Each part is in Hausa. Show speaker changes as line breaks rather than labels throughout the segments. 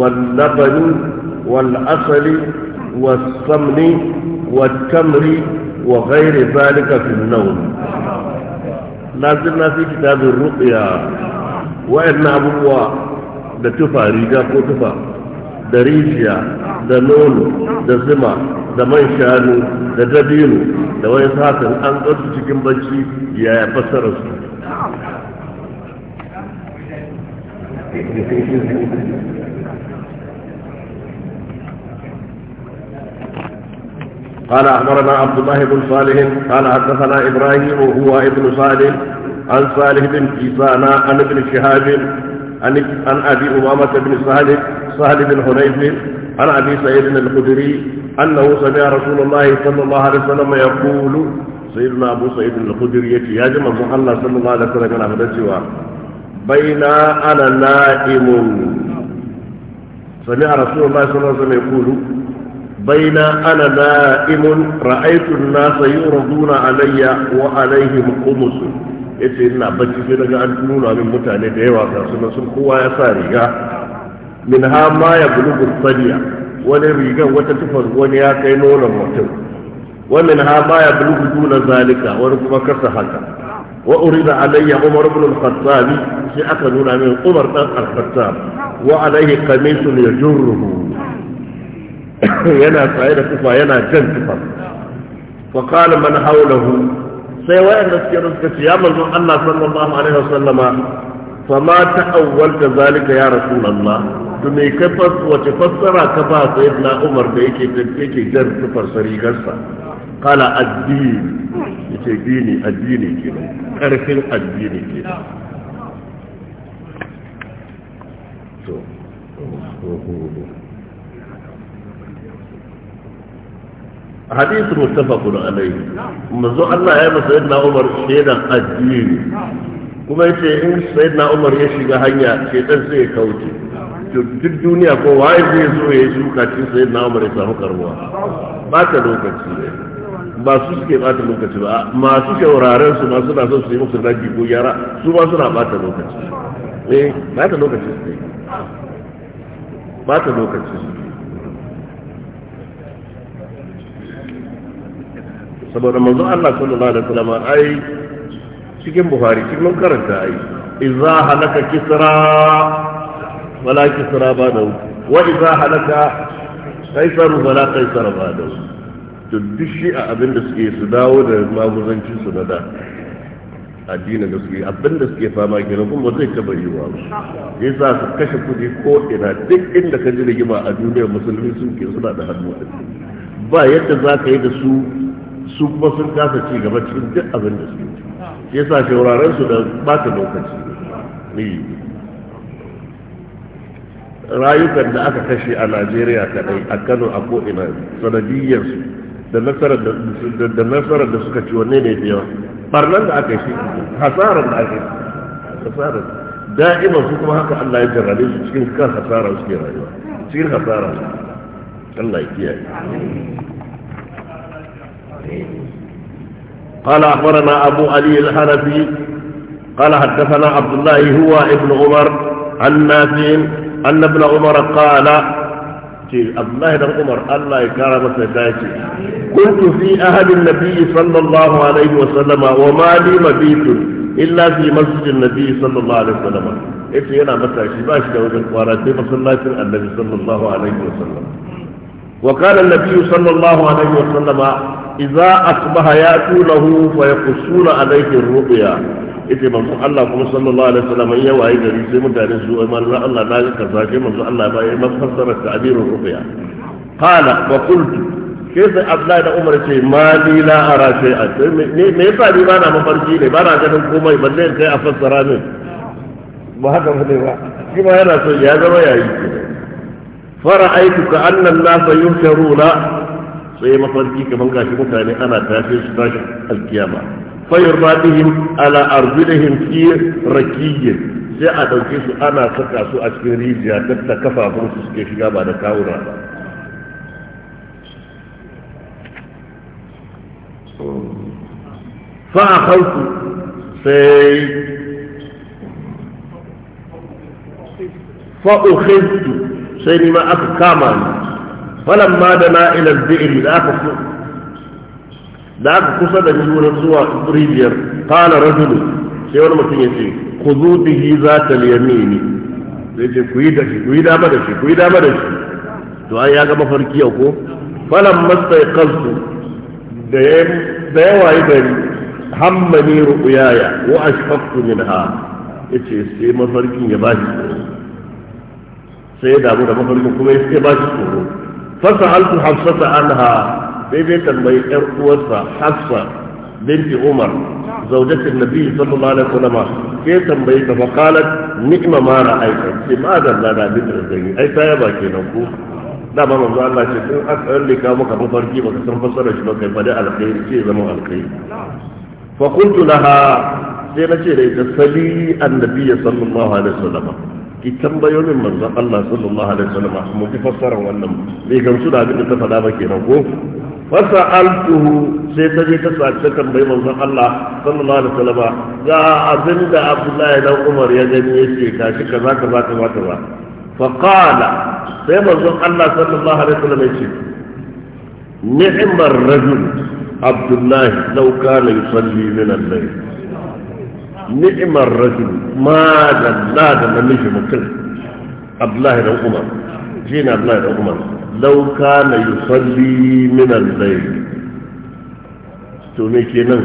واللبن والعسل والسمن والتمر وغير ذلك في النوم لازلنا في كتاب الرقية وإن أبوه da tufa riga ko tufa da rijiya da nono da zuma da man shanu da dabino da wani satin an cikin bacci ya fassara su قال أخبرنا عبد الله بن صالح قال حدثنا إبراهيم هو ابن صالح عن صالح بن كيسان عن ابن شهاب عن أبي أمامة بن سهل سهل بن حنيف عن أبي سعيد الخدري أنه سمع رسول الله صلى الله عليه وسلم يقول سيدنا أبو سعيد الخدري يا جماعة الله صلى الله عليه وسلم أنا بين أنا نائم سمع رسول الله صلى الله عليه وسلم يقول بين أنا نائم رأيت الناس يردون علي وعليهم قمص إذا إن في لغا أن من متعني ديوا فاسم نسل قوة يساري منها ما يبلغ الصديع ونريغا وتتفر ونياك ينونا موتن ومنها ما يبلغ دون ذلك ونكما كسحك وأريد علي عمر بن الخطاب في أكدونا من عمر الخطاب وعليه قميص يجره yana tsaye da tufa yana jan tufa fa qala man hawlahu sai da suke rubuta ce ya manzon Allah sallallahu alaihi wasallama fa ma ta'awwalta zalika ya rasulullah to me ka fas wace fassara ka ba na Umar da yake yake jan tufar sarigarsa qala addini yace dini addini kenan karfin addini ke to حديث متفق عليه منذ الله يا سيدنا عمر شيئا addini. kuma yace in sayyidina Umar ya shiga hanya shedan sai ya kauce duk duniya ko waye zai so ya yi shuka cikin sayyidina Umar ya samu karbuwa ba ta lokaci ne ba su suke ba ta lokaci ba masu shauraren su ma suna son su yi musu ragi ko yara su ma suna ba ta lokaci eh ba ta lokaci su ba ta lokaci su
saboda manzon Allah sallallahu alaihi wasallam ai
cikin buhari cikin mun karanta ai idza halaka kisra wala kisra ba wa idza halaka
kaisar wala kaisar
ba to duk shi a abin da suke su dawo da maguzancin su na da addinin da suke abin da suke fama kenan kuma zai taba wa ba za su kashe kudi ko ina duk inda ka ji rigima a duniyar musulmi sun ke suna da hannu ba yadda za ka yi da su su kuma sun kasa ci gaba cikin duk abin da suke shi yasa shauraren su da bata lokaci ne rayukan da aka kashe a najeriya kadai a kano a ko'ina sanadiyyar su da nasarar da suka ci wanne ne da yawa barnan da aka shi hasarar da aka
yi hasarar
da'ima su kuma haka allah ya jarrabe su cikin kan hasara suke rayuwa cikin hasara Allah ya kiyaye قال أخبرنا أبو علي الحنفي قال حدثنا عبد الله هو ابن عمر عن نافع أن ابن عمر قال عبد الله بن عمر الله يكرم سداتي
كنت في
أهل النبي صلى الله عليه وسلم وما لي مبيت إلا في مسجد النبي صلى الله عليه وسلم إيش أنا متى شباش لو كان قارتي مسلاتي النبي صلى الله عليه وسلم وقال النبي صلى الله عليه وسلم إذا أصبح يأتونه فيقصون عليه الرؤيا ita manzo Allah kuma sallallahu alaihi wasallam ya waye gari sai mutane su ai manzo Allah na ka zake manzo Allah ba ya mafassara ta abirul ruqya qala wa qultu kaifa abla da umar ce ma li la ara me yasa ni ba na mafarki ne ba na ganin komai balle kai a fassara min ba ba yana ya zama yayi فرأيت كأن الناس ينكرون سيما فرجي كما قاشي متاني أنا تافي سباش القيامة فيرضى بهم على أرجلهم في ركيج سيأت الكيس أنا تكاسو أسكن ريزيا تبتا كفا فرسس كيشي قابا دكاورا فأخوت سيد فأخذت sai ni ma aka kama ni falan ma da na ila bi'ri da aka so da aka kusa da ni wurin zuwa rijiyar qala rajul sai wani mutum ya ce khudhu bihi zata al-yamini sai ce ku yi da shi ku yi dama da shi ku yi dama da shi to ai ya ga mafarki yau ko falan ya da da yawa yi gari hammani ru'yaya wa ashfaqtu minha yace sai mafarkin ya bashi sai ya damu da mafarkin kuma ya ba shi tsoro fasa halku hafsata anha sai bai tambayi yar uwarsa hafsa binti umar zaujatin nabi sallallahu alaihi wasallam sai tambayi ta fa qalat ni'ma ma ra'aita sai ma da na da bitar gani ai ta yaba kenan ko da ba manzo Allah ce in aka rika maka mafarki baka san fassara shi ba kai fa da alkhairi sai zama alkhairi fa qultu laha sai nace da ita sali annabi sallallahu alaihi wasallam ki tambayo min manzon Allah sallallahu alaihi wasallam mun ki fassara wannan bai gamsu da abin da ta faɗa ba kenan ko fasa'altuhu sai ta je ta sace tambayi manzon Allah sallallahu alaihi wasallam ga abin da Abdullahi dan Umar ya gani yace shi kaza kaza kaza kaza fa qala sai manzon Allah sallallahu alaihi wasallam yace ni'mar rajul Abdullahi law kana yusalli min al-layl نعم الرجل ما لا دمنه مكل عبد الله بن عمر جينا عبد الله بن عمر لو كان يصلي من الليل توني كنن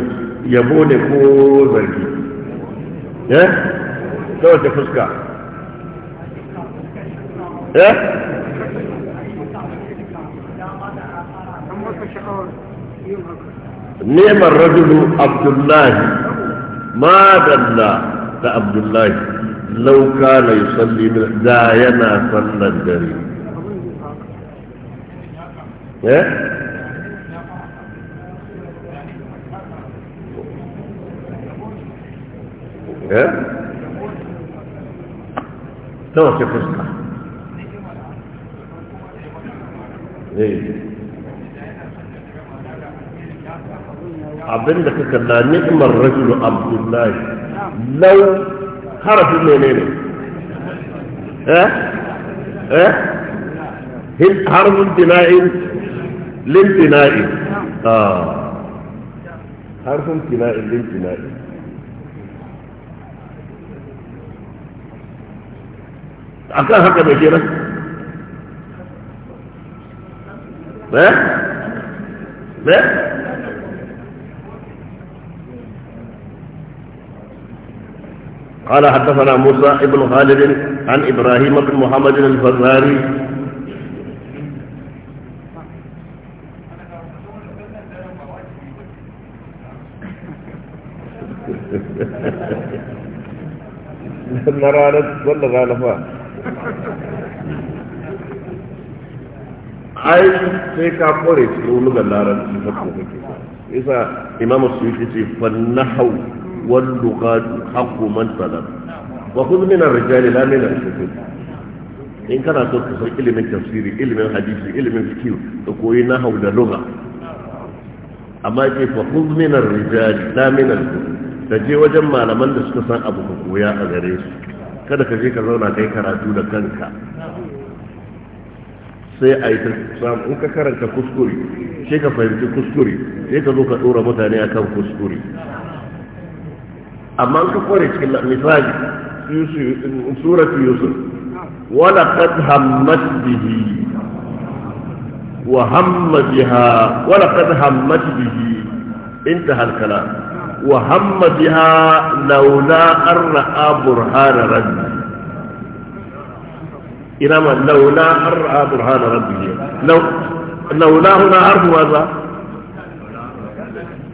يبوني كو زكي ايه لو تفسك ايه
نعم الرجل عبد الله ma dalla
da abdullahi lau kana yusalli da yana sallar dare eh?
Eh? abin da kaka na ni'mar rajulu
abdullahi lau harafin menene eh eh harfin bina'in lin bina'in ah harfin bina'in lin bina'in akan haka mai kenan
eh eh
قال حدثنا موسى ابن خالد عن إبراهيم بن محمد الفزاري نرى كل غالفا اي تيكا بوري تقولوا اذا امام السيوطي في واللغات حق من طلب وخذ من الرجال لا من الشكل in كان so ka san ilimin tafsiri ilimin hadisi ilimin fikihu ka koyi nahau da amma ke fa من min ar-rijal la min ka je wajen malaman da suka san abu ka koya a gare kada ka je ka zauna kai karatu da kanka sai a yi ta samu in ka karanta kuskure sai ka fahimci kuskure sai ka zo ka dora mutane akan kuskure amma ka kore cikin misali suratu yusuf wala qad hammat bihi wa hamma biha wala qad hammat bihi intaha al-kalam wa hamma biha laula an ra'a burhana rabbi ina ma laula an ra'a burhana rabbi laula huna harfu maza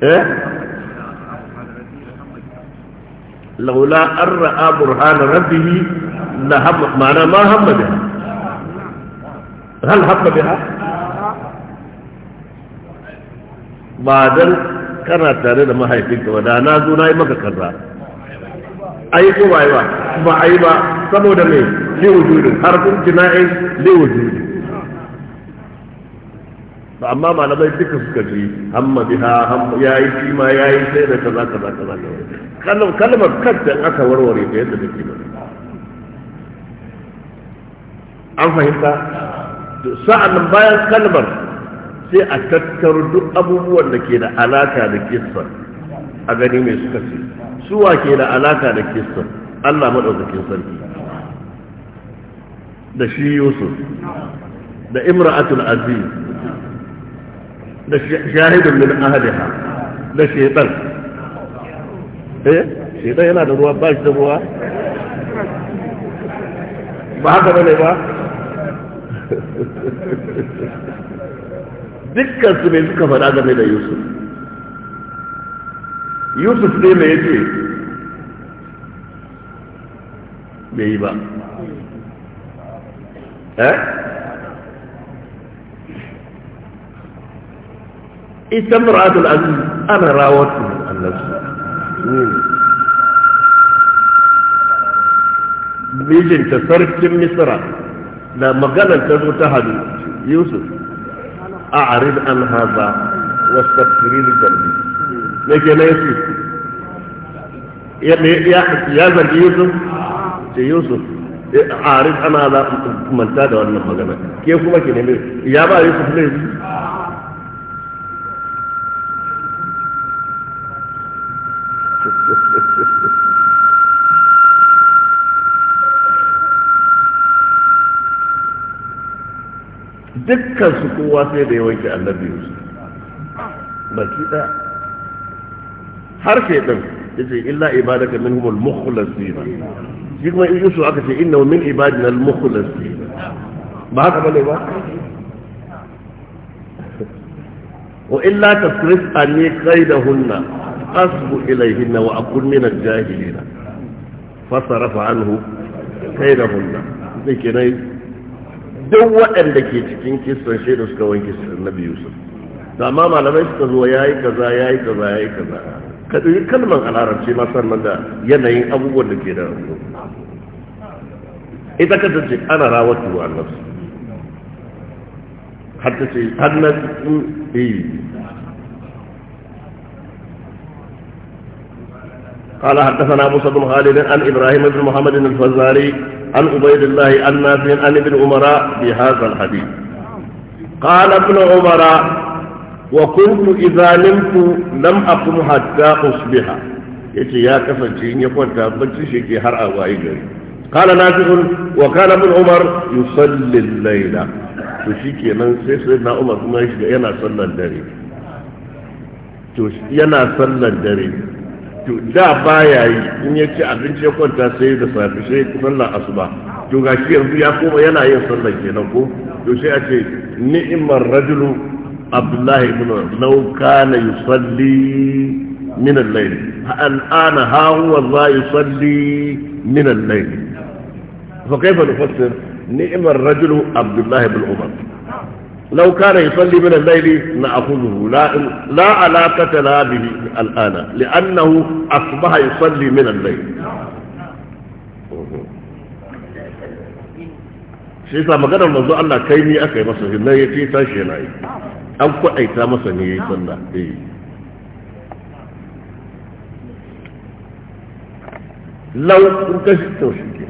eh laula an ra'a burhan rabbihi la hamma ma'ana ma hamma biha
hal hamma biha
ba dan kana tare da mahaifinka ba da na zo na yi maka kaza ai ko ba ba ba ai ba saboda me li wujudin harfin jina'in li wujudin to amma malamai duka suka ji hamma biha hamma yayi shi ma yayi sai da kaza kaza kaza kalmar kalmar kanta in aka warware da yadda take ba an fahimta sa'an nan bayan kalmar sai a tattaro duk abubuwan da ke da alaka da kisan a gani mai suka ce suwa ke da alaka da kisan, Allah madaukakin sarki da shi Yusuf da Imra'atul Aziz da shahidun min ahadiha da shaitan eh shaitan yana da ruwa ba shi da ruwa
ba haka bane ba
dukkan su mai suka faɗa game da yusuf yusuf ne mai yace bai yi ba eh إذا امرأة الأزل أنا راوتني النفس بيجي انت صارت كمي صرا لما قال انت تهدي يوسف أعرض عن هذا واستغفري لذنبي لكن أنا يوسف يا يا يا زكي يوسف يا يوسف أعرض عن هذا من تاد وأنا مغنى كيف هو كيف يا
با يوسف ليه
dukkan su kowa sai da ya wanke annabi yusuf baki ɗaya har ke ɗin ce illa ibadaka minhumul mukhlasina shi kuma in yusuf aka ce inna min ibadina al mukhlasina
ba haka ba ne ba
wa illa tasrif anni kaidahunna asbu ilayhinna wa akun min al jahilina fasarafa anhu kaidahunna sai kenan duk waɗanda ke cikin kisan da suka wanke na biyu su da amma malamai suka zo ya yi kaza ya yi kaza ya yi kaza ka ɗauki kalmar a larabci ma sannan da yanayin abubuwan da ke da ita ka ce ana rawatu a nafsu har ta ce hannun iya eh. قال حدثنا موسى بن خالد عن ابراهيم بن محمد الفزاري عن عبيد الله الناس عن ابن عمر بهذا الحديث قال ابن عمر وكنت اذا نمت لم اقم حتى اصبح يتي يا كفنتين يكون تابت شيكي هرع وايجري قال نافع وكان ابن عمر يصلي الليل تشيكي من سيدنا عمر ما يشجع ينا صلى الليل ينا صلى الليل to da ba ya yi in ya ci abinci ya kwanta sai da safe sai sallar asuba to ga shi yanzu ya koma yana yin sallar kenan ko to sai a ce ni'imar rajulu abdullahi ibn law kana yusalli min al-layl ha huwa za yusalli min al-layl fa kayfa نعم ni'imar rajulu Abdullahi ibn umar لو كان يصلي من الليل نأخذه لا, لا علاقة لا به الآن لأنه أصبح يصلي من الليل shi yasa maganar manzo Allah kai ni aka yi masa hinna ya ce ta shi yana yi an kwaɗaita masa ne ya yi sallah eh lau in shi to shi ke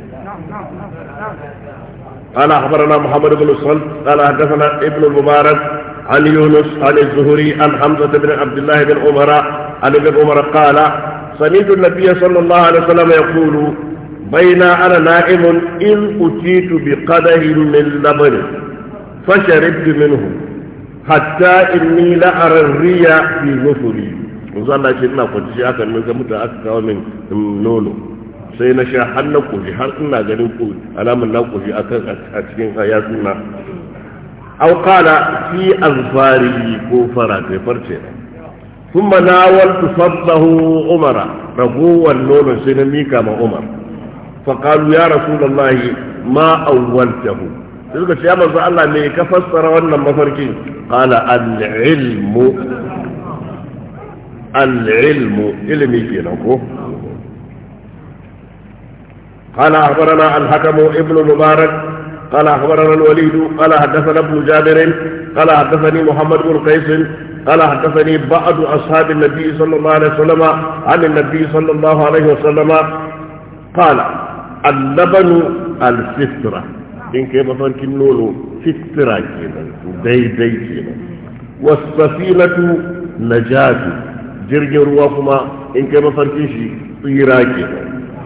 قال أخبرنا محمد بن الصلت
قال حدثنا ابن المبارك عن يونس عن الزهري عن حمزة بن عبد الله بن عمر عن ابن عمر قال سمعت النبي صلى الله عليه وسلم يقول بين أنا نائم إن أتيت بقدح من لبن فشربت منه حتى إني لأرى الريا في نفري وظل شئنا قد شاكا من كمتا أكثر من نونو sai na sha har na koshi har ina ganin ko alamun na koshi akan a cikin suna. aw qala fi azfari ko farate farce kuma na waltu fadlahu umara ragowar nonon sai na mika ma umar faƙalu ya rasulallahi ma awwaltahu sai suka ce ya Allah me ka fassara wannan mafarkin kala al-ilmu al-ilmu ilimi kenan ko قال أخبرنا الحكم ابن المبارك قال أخبرنا الوليد قال حدثنا ابن جابر قال حدثني محمد بن قيس قال حدثني بعض أصحاب النبي صلى الله عليه وسلم عن النبي صلى الله عليه وسلم قال اللبن الفطرة إن كيف فرق نولو فطرة كده دي دي كده والسفينة نجاة جرجر وفما إن كيف kai طيرا shi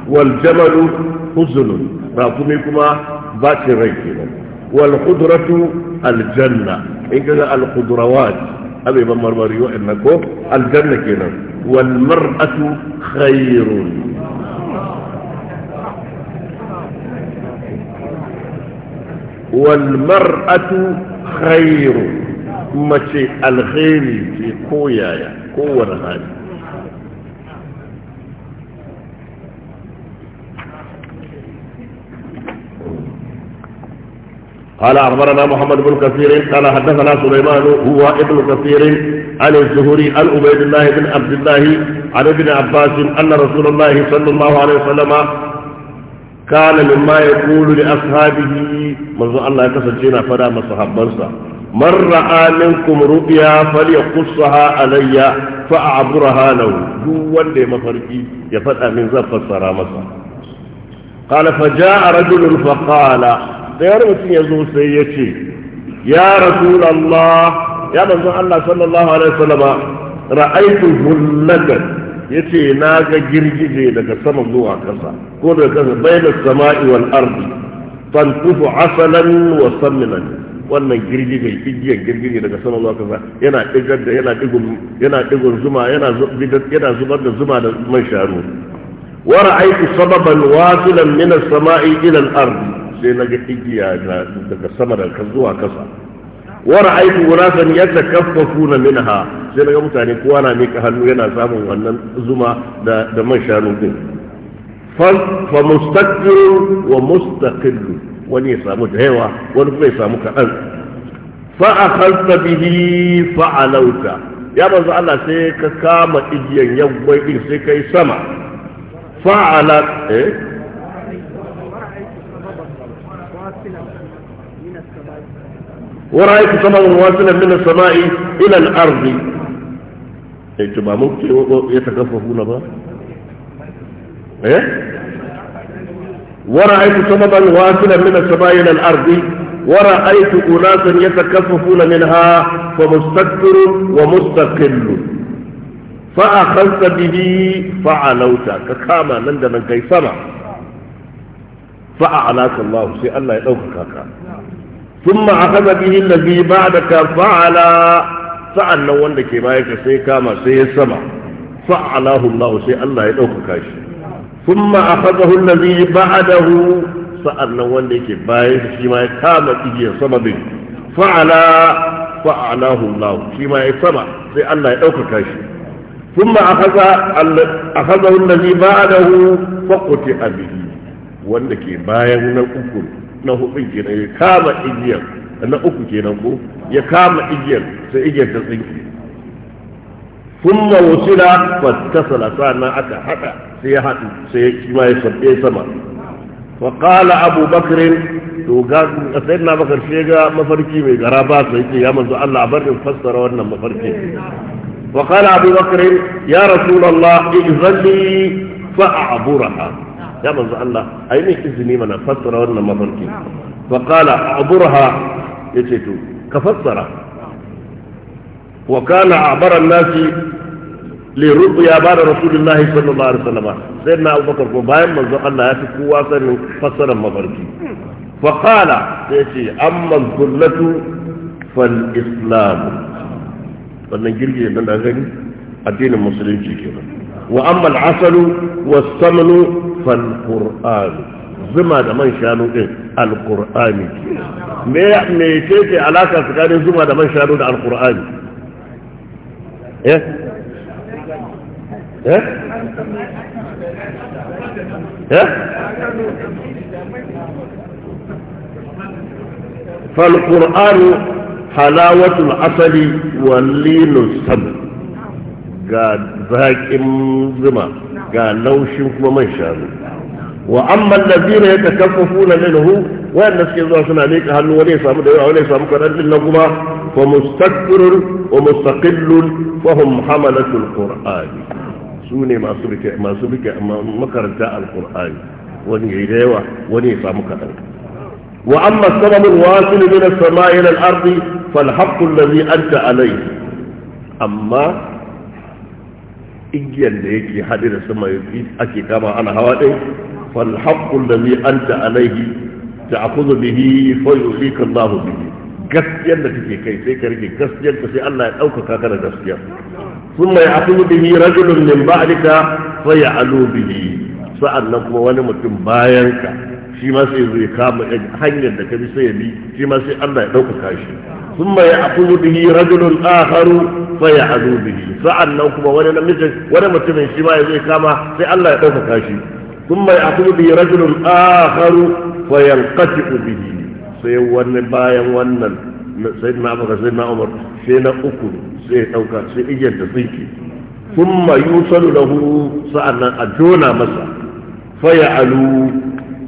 والجمل حزن راتمي كما باتي ريكي والقدرة الجنة إن كذا القدروات أبي بن مرمري وإنكو الجنة كنا والمرأة خير والمرأة خير ما شيء الخير في قوية قوة الغالب قال أخبرنا محمد بن كثير قال حدثنا سليمان هو ابن كثير عن الزهري عن عبيد الله بن عبد الله عن ابن عباس أن رسول الله صلى الله عليه وسلم كان مما يقول لأصحابه منذ الله يكسجينا فلا مصحبا من رأى منكم رؤيا فليقصها علي فأعبرها له دو ولي مفرقي يفتأ من زفة سرامسة قال فجاء رجل فقال sai wani mutum ya zo sai ya ce ya rasulallah ya manzon Allah sallallahu alaihi wasallama ra'aytu hullatan yace na ga girgije daga sama zuwa kasa ko daga kasa bayna sama'i wal ardi tantufu asalan wa samlan wannan girgije igiyar girgije daga sama zuwa kasa yana digar da yana digun yana digun zuma yana yana zubar da zuma da man sharu wa ra'aytu sababan wasilan min as-sama'i ila al-ardi sai na ga igiya daga sama da kan zuwa kasa wa ra'aytu urasan yatakaffafuna minha sai na ga mutane kowa na mika hannu yana samun wannan zuma da da man shanu din fa mustaqbil wa mustaqil wani ya samu da yawa wani kuma ya samu kaɗan fa akhadta bihi fa alauta ya manzo Allah sai ka kama igiyan yawwai din sai kai sama fa eh ورأيت سماء واسلا من السماء إلى الأرض أنتم ما ممكن يتكففون بها إيه ورأيت سماء واسلا من السماء إلى الأرض ورأيت أناسا يتكففون منها فمستكبر ومستقل فأخذت به فعلوت كما نندم كي سمع فأعلاك الله سي الله يدوكك ثم أخذ به الذي بعدك فعل فعل wanda ke baya ka sai kama sai ya sama fa'alahu Allah sai Allah ya ɗaukaka shi thumma akhadahu allazi ba'dahu sa'annan wanda yake baya shi ma ya kama igiyar sama din fa'ala fa'alahu Allah shi ma ya sama sai Allah ya wanda ke bayan na uku na hudu kenan ya kama igiyar na uku kenan ko ya kama igiyar sai igiyar ta tsinke sun ma wasu da fattasala sa'an aka hada sai ya hadu sai ya kima ya sabbe sama faƙala abubakar to ga sayin na bakar shi mafarki mai gara ba su yake ya manzo Allah a barin fassara wannan mafarki faƙala abubakar ya rasu zan izalli fa'a aburaha ya manzo Allah ai min izini mana fassara wannan mafarki fa qala aburha yace to ka fassara wa kana abara nasi li ruqya ba da rasulullahi sallallahu alaihi wasallam sai na abubakar bayan manzo Allah ya fi kowa sanin fassarar mafarki fa qala ce amma nan da gani addinin musulunci kenan wa amma al-asalu was-samnu فالقرآن zuma da man shanu din alqur'ani me me ce alaka tsakanin zuma da man shanu da alqur'ani eh
eh eh فالقرآن
حلاوة العسل واللين السبت ga zaƙin zuma ga laushin kuma man shanu wa amma allazina yatakaffafuna minhu wanda suke zuwa suna leƙa hannu wani ya samu da yawa wani ya samu kaɗan din nan kuma fa mustakbirun wa mustaqillun fa hum hamalatul qur'ani su ne masu rike masu rike makaranta alqur'ani wani yayi da yawa wani ya samu kaɗan wa amma sababul wasil min as-sama'i ila al-ardi fal haqqu allazi anta alayhi amma igiyar da yake haɗe da sama ake kama ana hawa ɗin fal haqqul ladhi anta alayhi ta'khudhu bihi fa yulika Allahu bihi gaskiyar da take kai sai ka rike gaskiyar ka sai Allah ya ɗaukaka ka da gaskiya thumma ya'khudhu bihi rajulun min ba'dika fa ya'lu bihi sa'annan kuma wani mutum bayan ka shi ma sai zai kama hanyar da ka bi sai ya bi shi ma sai Allah ya ɗaukaka shi thumma ya'khudhu bihi rajulun akharu Faya ya azu bihi sa'annan kuma wani namijin wani mutumin shi ma ya zai kama sai Allah ya ɗaukaka shi kun mai aku bi rajulun akharu fayan kashi ubihi sai wani bayan wannan sai na abu sai na umar sai na uku sai ɗauka sai igiyar da tsinki kun na yusalu lahu nan a jona masa faya alu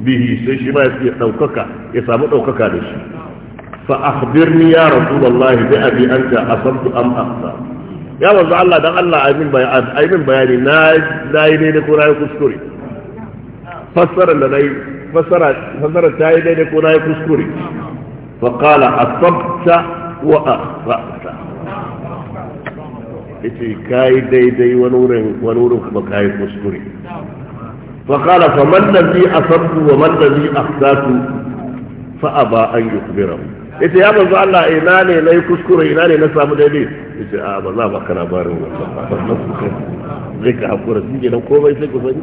bihi sai shi ma ya ɗaukaka ya samu ɗaukaka da shi فأخبرني يا رسول الله بأبي أنت أصبت أم أخطأ يا رسول الله ده الله أيمن بيان أيمن بيان ناج نايني نكوناي كسكوري فسر لناي فسر فسر تايني نكوناي كسكوري فقال أصبت وأخطأت إتي كاي دي دي ونور ونور بكاي كسكوري فقال فما الذي أصبت وما الذي أخطأت فأبى أن يخبره yace ya manzo Allah ina ne nayi kuskure ina ne na samu daidai yace a ba za zai ka hakura komai sai ku sani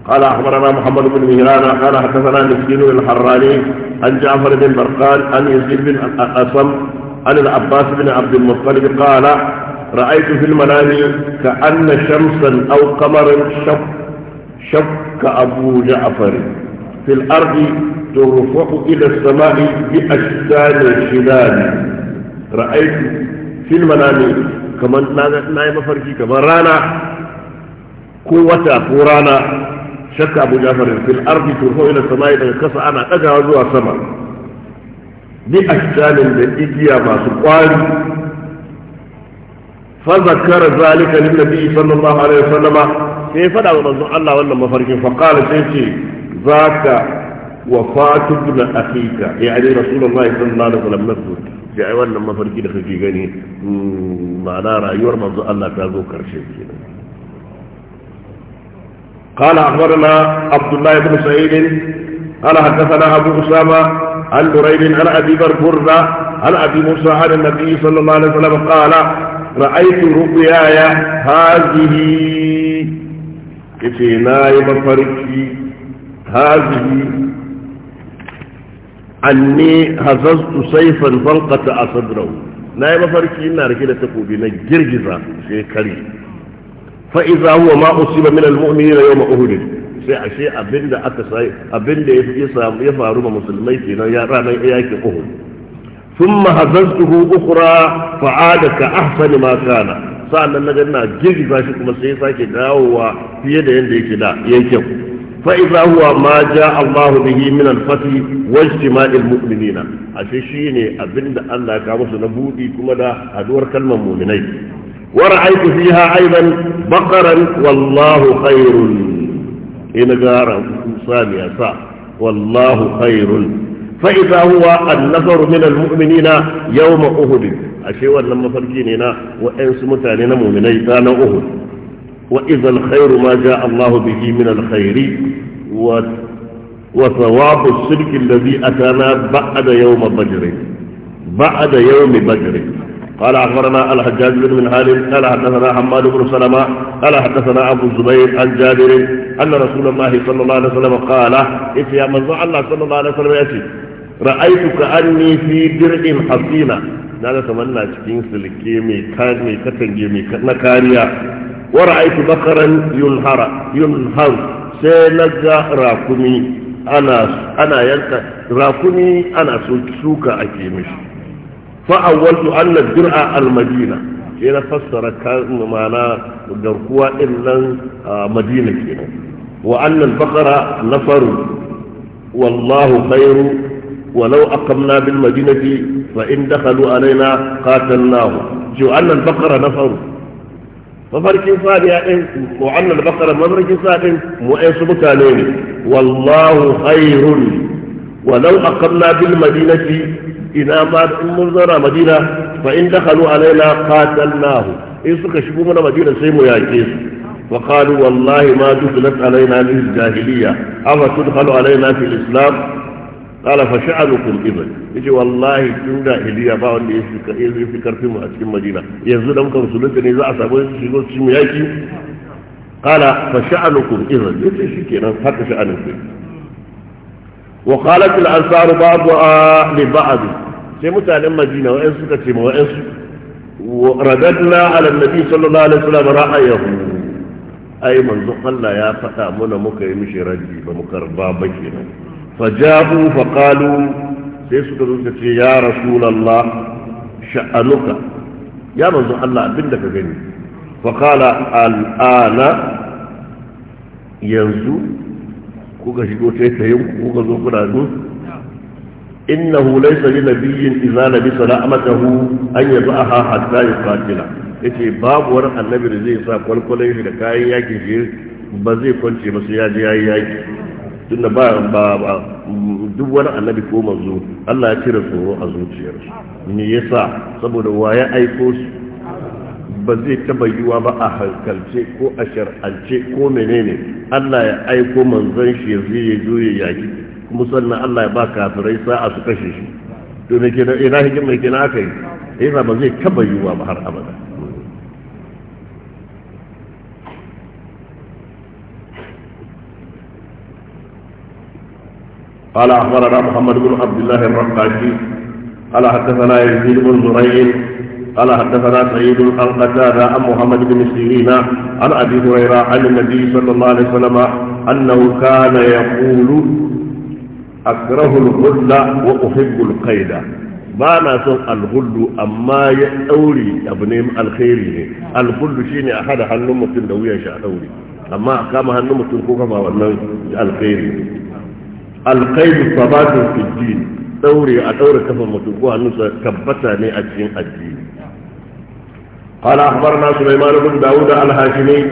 قال اخبرنا محمد بن مهران قال حدثنا مسكين الحراني عن جعفر بن برقان عن يزيد بن الاصم عن العباس بن عبد المطلب قال رايت في المنام كان شمسا او قمرا شق شق ابو جعفر في الأرض ترفع إلى السماء بأجسام الشلال رأيت في المنام كما نايم فرجي كما رانا قوة قرانا شك أبو جعفر في الأرض ترفع إلى السماء تنكسى أنا أجعل السماء بأجسام لإجيا ما سقوان فذكر ذلك للنبي صلى الله عليه وسلم كيف دعوا الله ولا مفرقين فقال سيدي ذاك وفاة ابن أخيك يعني رسول الله صلى الله عليه وسلم مسجد في وانا لما فرقين لك في غني معناه رأيور الله تازو كرشي قال أخبرنا عبد الله بن سعيد قال حدثنا أبو أسامة عن دريد عن أبي بربرة عن أبي موسى عن النبي صلى الله عليه وسلم قال رأيت رؤياي هذه كتي نايم فرقي هذه أني هززت سيفا فانقطع صدره na yi mafarki ina rike da takobi na girgiza sai kare fa iza huwa ma usiba min almu'minin yawm uhud sai ashe abinda aka sai abinda ya fi samu ya faru ma musulmai kenan ya ranar yaki uhud thumma hazaztuhu ukhra fa'ada ka ahsani ma kana sa'annan na gani na girgiza shi kuma sai sake dawowa fiye da yanda yake da yake فإذا هو ما جاء الله به من الفتح واجتماع المؤمنين أشيشيني أبند أن لا كامس نبودي كما دا أدور كلمة مؤمنين ورأيت فيها أيضا بقرا والله خير إن غار سامي أسا والله خير فإذا هو النفر من المؤمنين يوم أهد أشيوان لما فرجينينا وإنس متانين مؤمنين كان أهد وإذا الخير ما جاء الله به من الخير وثواب الشرك الذي أتانا بعد يوم بدر بعد يوم بدر قال أخبرنا الحجاج بن من هالي قال حدثنا حماد بن سلمة قال حدثنا أبو الزبير عن جابر أن رسول الله صلى الله عليه وسلم قال إذ يا من الله صلى الله عليه وسلم يأتي رأيت كأني في درع حصينة لا نتمنى تكين سلكي cikin silke mai katange mai ورأيت بقرا ينهر ينهر سينجا راكمي أنا أنا يلقى راكمي أنا سوكا أكيمش فأولت أن الدرع المدينة هنا فسر كان معنا دركوا إلا مدينة وأن البقرة نفر والله خير ولو أقمنا بالمدينة فإن دخلوا علينا قاتلناهم جو أن البقرة نفر mafarkin sadiya din ko annal bakara mafarkin sadin mu ɗan su mutane ne wallahu khairun walau aqamna bil madinati ina ma in mun zauna madina fa in dakhalu alaina qatalnahu in suka shigo mana madina sai mu yake su wa qalu wallahi ma dukhlat alaina bil jahiliya aw tudkhalu alaina fil islam قال فشعلكم ابل يجي والله تندى هدي ابا وني يشك يزي في كرفي ما في المدينه يزو دم كم سلوك ني ذا اسابو يشيغو سيم ياكي قال فشعركم ابل يجي شكينا فك شعركم وقالت الانصار بعض اهل بعض سي متان المدينه وان سكا تيم ورددنا على النبي صلى الله عليه وسلم رايه اي من زقل يا فتى من مكي مشي رجي بمكر بابكي نعم فجاءوا فقالوا سيسك ذلك يا رسول الله شأنك يا رسول الله أبنك بني فقال الآن ينزو kuka shigo taitayin kuka zo kuna zo innahu laysa li nabiyyin idza labisa la'amatahu an yazaha hatta yuqatila yace babu wani annabi da zai sa kwalkwalai da kayan yaki shi ba zai kwance ba sai ya je yayi yaki tunda ba ba duk wani annabi ko manzo Allah ya cire tsoro a zuciyar su. me yasa saboda waye aiko su ba zai taba yiwa ba a hankalce ko a shar'ance ko menene Allah ya aiko manzon shi ya zo ya yaki kuma sannan Allah ya ba kafirai sa'a su kashe shi to me kenan ina hikimai kenan akai yasa eh, ba zai taba yiwa ba har abada قال أخبرنا محمد بن عبد الله الرقاشي قال حدثنا يزيد بن زرعين قال حدثنا سعيد القتادة عن محمد بن سيرين عن أبي هريرة عن النبي صلى الله عليه وسلم أنه كان يقول أكره الغل وأحب القيد ما ناسو الغل أما يأوري أبن الخيري الغل شيني أحد حنمت دوية شعوري أما كما حنمت كوكما والنوي الخيري القيد sabatun في الدين daure a daure kafan mutum ko hannunsa tabbata ne a cikin addini قال أخبرنا سليمان بن داود هاشمي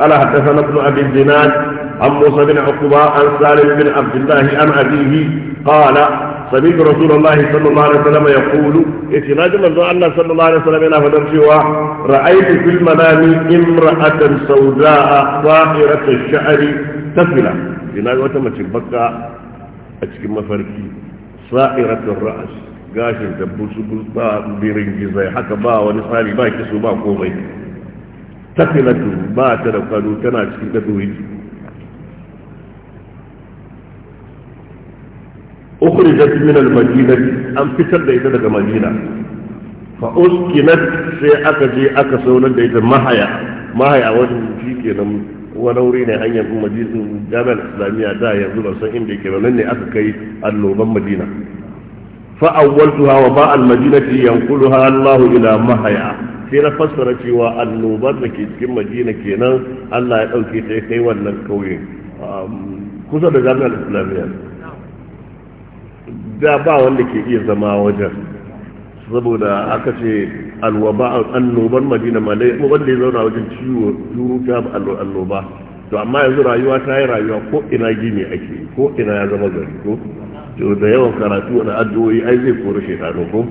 قال حدثنا ابن أبي الزناد عن موسى بن عقبة عن سالم بن عبد الله عن أبيه قال سمعت رسول الله صلى الله عليه وسلم يقول إتناج من الله صلى الله عليه وسلم إلى فدرشوا رأيت في المنام امرأة سوداء طائرة الشعر تفلة ina wata mace baka a cikin mafarki sa'iratun ra'as gashin da busu ba birin gizai haka ba wani tsari ba kiso ba komai tafilatu ba ta da kwado tana cikin dadoyi ukhrijat min al madina an fitar da ita daga madina fa uskinat sai aka je aka saunar da ita mahaya mahaya wajen shi kenan wani wuri ne an yanzu majalisun jami'ar islamiyya da yanzu ba san inda ke ba nan ne aka kai annoban madina fa awwaltuha wa ba al-madinati yanquluha Allah ila mahaya sai na fassara cewa annobar da ke cikin madina kenan Allah ya dauke ta kai wannan kauyen kusa da jami'ar islamiyya da ba wanda ke iya zama wajen saboda aka ce alwaba annoban madina malai wanda ya zauna wajen ciwo yuru ta annoba to amma yanzu rayuwa ta yi rayuwa ko ina gini ake ko ina ya zama gari ko to da yawan karatu da addu'o'i ai zai kore shekaru ko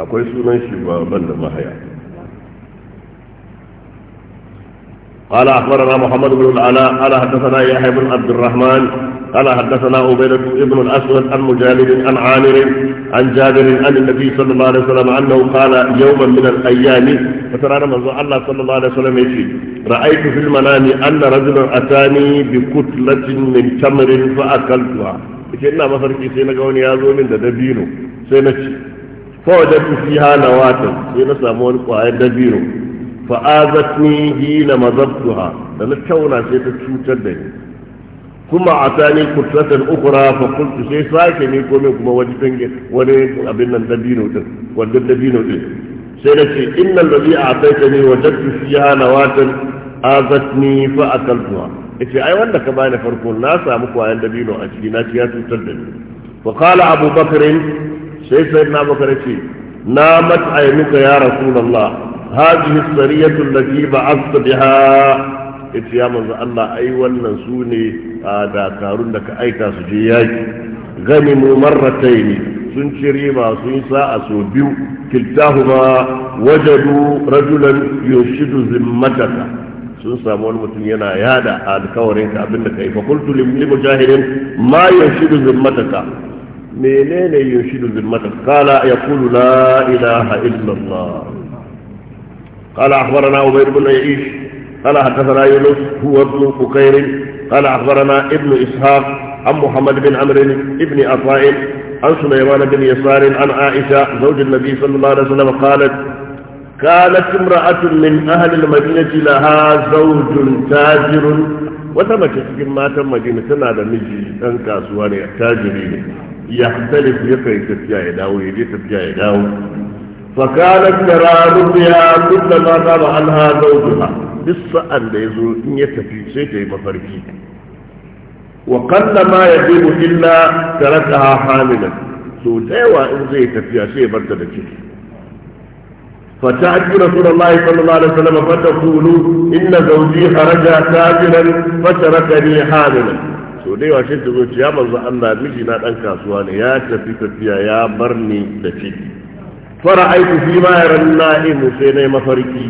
akwai sunan shi ba ban da mahaya قال أخبرنا محمد بن العلاء قال حدثنا يحيى بن عبد الرحمن قال حدثنا عبيدة ابن الأسود عن مجالد عن عامر عن جابر عن النبي صلى الله عليه وسلم أنه قال يوما من الأيام فترانا منذ الله صلى الله عليه وسلم يشي رأيت في المنام أن رجلا أتاني بكتلة من تمر فأكلتها ce ina mafarki sai na ga wani ya zo min da dabino sai na ci fa wajadtu fiha nawatan sai na samu wani kwayar dabino fa azatni hina mazabtuha da na tauna sai ta cutar da ni kuma a tani kurtatar ukura fa kuntu sai sake ne komai kuma wani fenge wani abin nan dabino din wannan dabino din sai na ce a ta ne a'tayta ni wajadtu fiha nawatan azatni fa a kaltuwa. akaltuha ce, ai wanda ka bani farko na samu kwayan dabino a ciki na ci ya tutar da ni wa qala abu bakr sai sai na bakar ce na mat aynuka ya rasulullah hadhihi as-sariyatu ba ba'athta biha ita ya manzo Allah ai wannan su ne a dakarun da ka aika su je yaki gani mu marrataini sun ci riba sun sa a so biyu kiltahuma wajadu rajulan yushidu zimmataka sun samu wani mutum yana yada alkawarin ka abinda kai fa qultu lil mujahidin ma yushidu zimmataka menene yushidu zimmataka qala yaqulu la ilaha illa allah قال أخبرنا عبيد بن يعيش قال حدثنا يونس هو ابن بكير قال أخبرنا ابن إسحاق عن محمد بن عمرو بن عطاء عن سليمان بن يسار عن عائشة زوج النبي صلى الله عليه وسلم قالت كانت امرأة من أهل المدينة لها زوج تاجر وتمت في مات المدينه تنادى مجي أنكا سواني تاجرين يختلف يقي تبجا يداو يجي تبجا يداو فكانت ترى رؤيا كل ما غاب عنها زوجها duk sa'an da ya zo in ya tafi sai ta yi mafarki wa kalla ma ya zai illa ta ha hamilan so da yawa in zai tafiya sai ya barta da ciki فتأتي رسول الله صلى الله عليه وسلم فتقول إن زوجي خرج تاجرا فتركني حاملا so dai shi ta zo ya manzo Allah miji na dan kasuwa ne ya tafi tafiya ya bar ni da ciki fara aiki fi ma yaran na'imu sai yi mafarki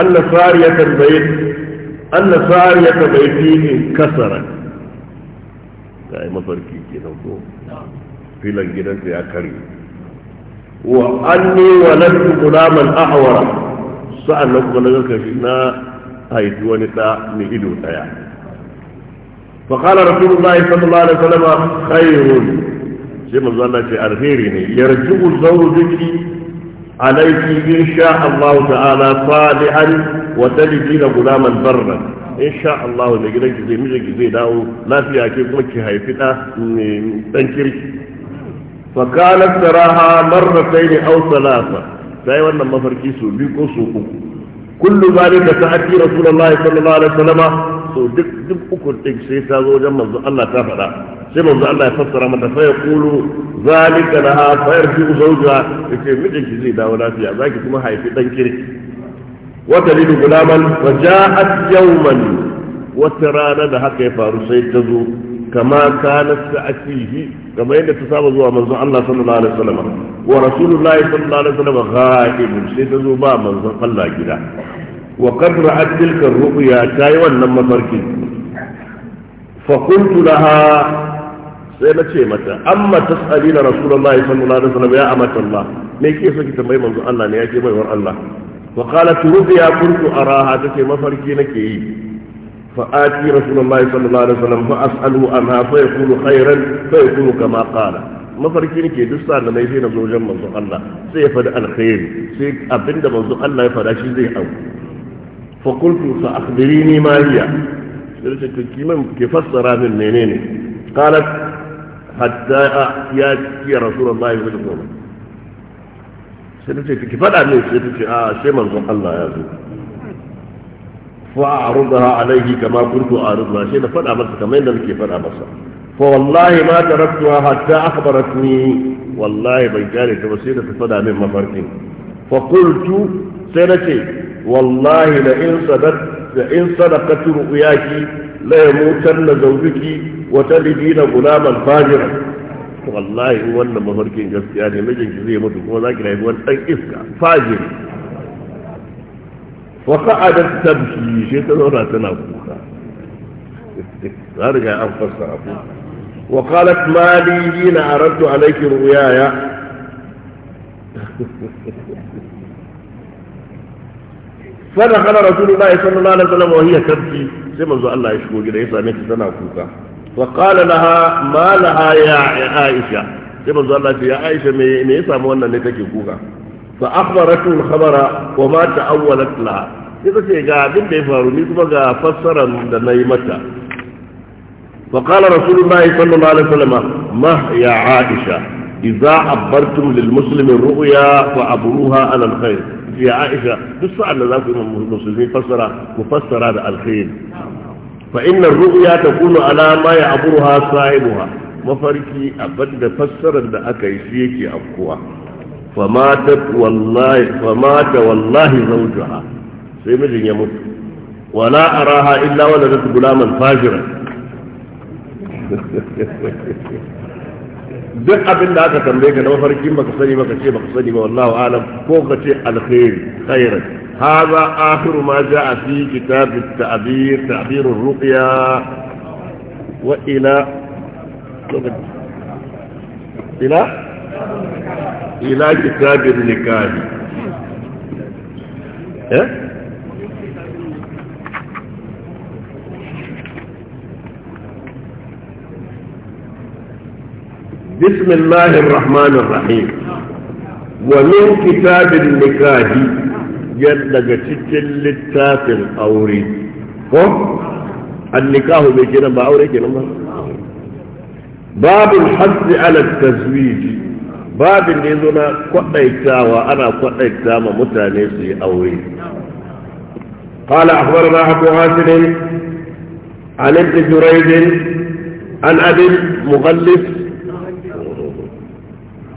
أن سارية البيت أن سارية بيته انكسرت دائما يعني فرقي كده في لنجنة يا كريم وأني ولدت غلاما أعور سأل لكم لك شئنا هاي دوني تا نهدو تايا فقال رسول الله صلى الله عليه وسلم خير زي ما زالنا شيء الخير يرجو الزوج عليك إن شاء الله تعالى صالحا وتجدين غلاما برا إن شاء الله نجدك زي مزك زي داو لا فيها كيف مك هاي فتاة تنكر فقالت تراها مرتين أو ثلاثة دائما لما فركيسوا بيكو كل ذلك تأتي رسول الله صلى الله عليه وسلم to duk duk uku din sai ta zo wajen manzo Allah ta faɗa sai manzo Allah ya fassara mata fa yaqulu zalika laha fa yarji zawjuha yace mijinki zai dawo lafiya zaki kuma haifi dan kirki wa talidu gulaman wa ja'at yawman wata rana da haka ya faru sai ta zo kama ta akihi kama yadda ta saba zuwa manzo Allah sallallahu alaihi wasallam wa rasulullahi sallallahu alaihi wasallam ghaibun sai ta zo ba manzo Allah gida وقد رأت تلك الرؤيا تايوان ونم مفركي فقلت لها سيما متى أما تسألين رسول الله صلى الله عليه وسلم يا أمة الله ليك يسكي تنبي منذ الله نياكي بيور الله وقالت رؤيا كنت أراها تكي مفركي نكي فآتي رسول الله صلى الله عليه وسلم فأسأله عنها فيقول خيرا فيقول كما قال mafarki ne ke duk sa da mai sai na zojen manzo Allah sai ya faɗi alkhairi sai abinda manzo Allah fa qultu fa akhbirini ma hiya sai ta kiman ke fassara min menene qalat hatta ya ya rasulullahi sallallahu alaihi wasallam sai ta ki fada min sai ta ce a sai manzon Allah ya zo عليه كما كنت أعرضها شيء فلا بس كما إن لك فلا بس فوالله ما تركتها حتى أخبرتني والله بيجاري تبصير فلا من مفرقين فقلت سنتي والله لئن صدقت لئن صدقت رؤياك ليموتن زوجك وتلدين غلاما فاجرا والله هو ان مهركين جسد يعني مجن كذي يموت لا يقول أي إفكا فاجر وقعدت تبكي شيت نورا تنافوها ارجع انفسها وقالت ما لي حين عرضت عليك رؤيايا فدخل رسول الله صلى الله عليه وسلم وهي تبكي سيما زو الله يشكو جدا يسألني سنة كوكا فقال لها ما لها يا عائشة سيما زو الله يا عائشة مي يسأل وانا نتكي كوكا فأخبرته الخبر وما تأولت لها إذا سيقع بنت فارمي كما فسر دنيمتها فقال رسول الله صلى الله عليه وسلم ما يا عائشة إذا عبرتم للمسلم الرؤيا فعبروها على الخير ya aisha duk sa'an da za ku yi musulmi fassara ku fassara da alkhairi
fa inna ru'ya takunu ala ma ya'buruha sahibuha
mafarki abin da fassarar da aka yi shi yake afkuwa fa mata wallahi fa mata wallahi zawjaha sai mijin ya mutu wala araha illa waladat gulaman fajira duk abin da aka tambaye ka na mafarkin baka sani baka ce baka sani ba wallahu alam ko ka ce alkhairi khairan hadha akhiru ma jaa fi kitab at-ta'bir ta'bir ar-ruqya wa ila ila ila kitab an-nikah eh بسم الله الرحمن الرحيم ومن كتاب النكاح يدلق تتل للتاف الأوري النكاح بيجينا بأوري كنا باب الحظ على التزويج باب اللي يزونا انا وأنا قطعتا متانيسي أوري
قال أخبرنا أبو هاشم
عن ابن جريج عن أبي المغلف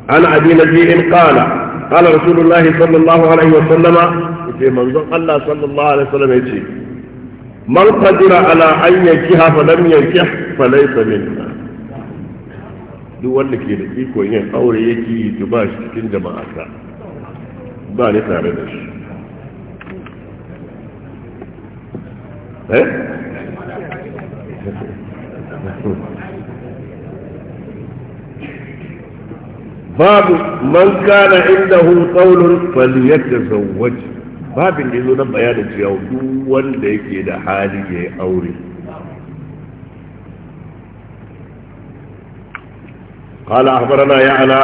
عن أبي نجيء قال قال رسول الله صلى الله عليه وسلم في منظر الله صلى الله عليه وسلم يجي من قدر على أن ينكح فلم ينكح فليس منا duk wanda ke da ikon yin aure yake yi to ba shi cikin jama'a ta
ba ni tare da shi eh
babu man kana indahu qawlun falyatazawwaj babin da yazo nan bayanin cewa duk wanda yake da hali yayi aure قال أخبرنا يعلى